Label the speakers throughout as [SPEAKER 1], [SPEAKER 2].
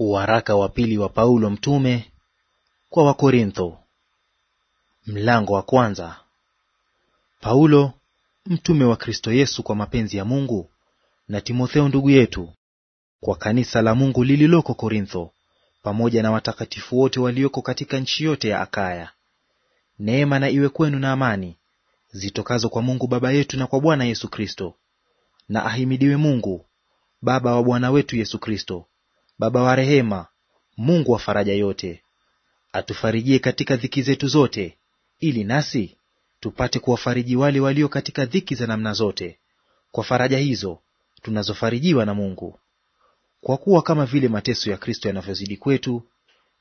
[SPEAKER 1] Waraka wa pili wa Paulo mtume kwa Wakorintho, mlango wa kwanza. Paulo mtume wa Kristo Yesu kwa mapenzi ya Mungu, na Timotheo ndugu yetu, kwa kanisa la Mungu lililoko Korintho, pamoja na watakatifu wote walioko katika nchi yote ya Akaya. Neema na iwe kwenu na amani zitokazo kwa Mungu Baba yetu na kwa Bwana Yesu Kristo. Na ahimidiwe Mungu Baba wa Bwana wetu Yesu Kristo Baba wa rehema, Mungu wa faraja yote, atufarijie katika dhiki zetu zote, ili nasi tupate kuwafariji wale walio katika dhiki za namna zote, kwa faraja hizo tunazofarijiwa na Mungu. Kwa kuwa kama vile mateso ya Kristo yanavyozidi kwetu,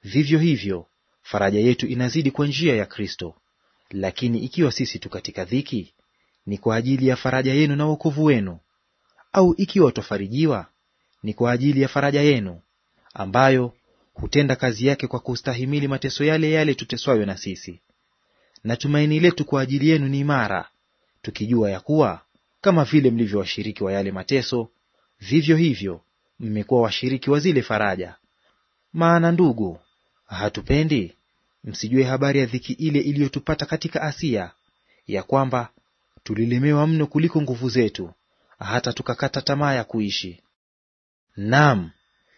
[SPEAKER 1] vivyo hivyo faraja yetu inazidi kwa njia ya Kristo. Lakini ikiwa sisi tu katika dhiki, ni kwa ajili ya faraja yenu na wokovu wenu; au ikiwa twafarijiwa, ni kwa ajili ya faraja yenu ambayo hutenda kazi yake kwa kustahimili mateso yale yale tuteswayo na sisi. Na tumaini letu kwa ajili yenu ni imara, tukijua ya kuwa kama vile mlivyo washiriki wa yale mateso, vivyo hivyo mmekuwa washiriki wa zile faraja. Maana ndugu, hatupendi msijue habari ya dhiki ile iliyotupata katika Asia, ya kwamba tulilemewa mno kuliko nguvu zetu, hata tukakata tamaa ya kuishi. Naam,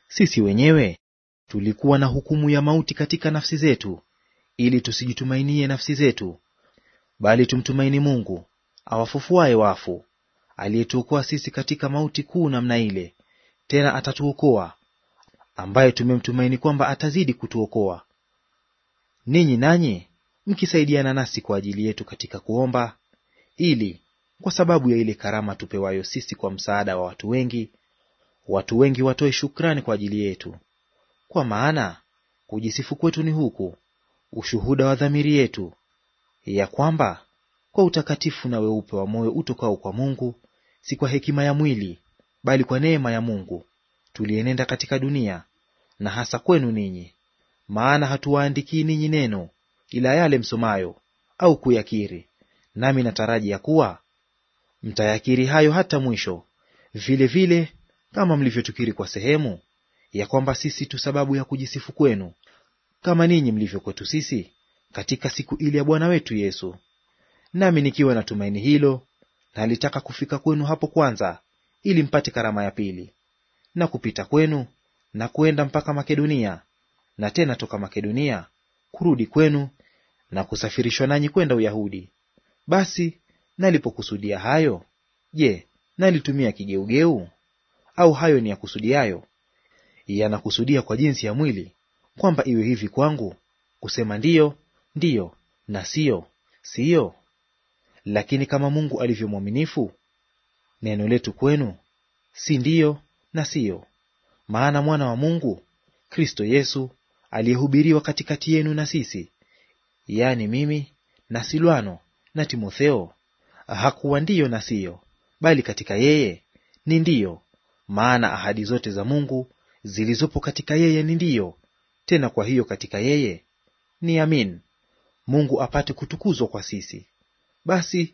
[SPEAKER 1] sisi wenyewe tulikuwa na hukumu ya mauti katika nafsi zetu, ili tusijitumainie nafsi zetu, bali tumtumaini Mungu awafufuaye wafu, aliyetuokoa sisi katika mauti kuu namna ile; tena atatuokoa, ambaye tumemtumaini kwamba atazidi kutuokoa. Ninyi nanyi mkisaidiana nasi kwa ajili yetu katika kuomba, ili kwa sababu ya ile karama tupewayo sisi kwa msaada wa watu wengi watu wengi watoe shukrani kwa ajili yetu. Kwa maana kujisifu kwetu ni huku, ushuhuda wa dhamiri yetu, ya kwamba kwa utakatifu na weupe wa moyo utokao kwa Mungu, si kwa hekima ya mwili, bali kwa neema ya Mungu, tulienenda katika dunia, na hasa kwenu ninyi. Maana hatuwaandikii ninyi neno ila yale msomayo au kuyakiri, nami nataraji ya kuwa mtayakiri hayo hata mwisho, vile vile kama mlivyotukiri kwa sehemu, ya kwamba sisi tu sababu ya kujisifu kwenu, kama ninyi mlivyo kwetu sisi katika siku ile ya Bwana wetu Yesu. Nami nikiwa na tumaini hilo, nalitaka kufika kwenu hapo kwanza, ili mpate karama ya pili, na kupita kwenu na kuenda mpaka Makedonia, na tena toka Makedonia kurudi kwenu, na kusafirishwa nanyi kwenda Uyahudi. Basi nalipokusudia hayo, je, nalitumia kigeugeu? au hayo ni yakusudiayo, yanakusudia kwa jinsi ya mwili kwamba iwe hivi kwangu kusema ndiyo ndiyo na siyo siyo. Lakini kama Mungu alivyo mwaminifu, neno letu kwenu si ndiyo na siyo. Maana mwana wa Mungu Kristo Yesu aliyehubiriwa katikati yenu na sisi, yaani mimi na Silwano na Timotheo, hakuwa ndiyo na siyo, bali katika yeye ni ndiyo maana ahadi zote za Mungu zilizopo katika yeye ni ndiyo, tena kwa hiyo katika yeye ni amin, Mungu apate kutukuzwa kwa sisi. Basi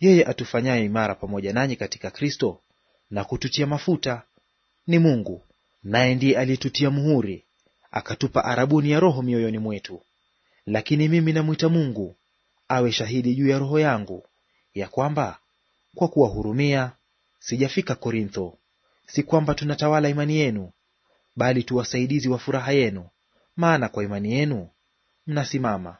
[SPEAKER 1] yeye atufanyaye imara pamoja nanyi katika Kristo na kututia mafuta ni Mungu, naye ndiye aliyetutia muhuri, akatupa arabuni ya Roho mioyoni mwetu. Lakini mimi namwita Mungu awe shahidi juu ya roho yangu ya kwamba kwa kuwahurumia sijafika Korintho, si kwamba tunatawala imani yenu, bali tuwasaidizi wa furaha yenu, maana kwa imani yenu mnasimama.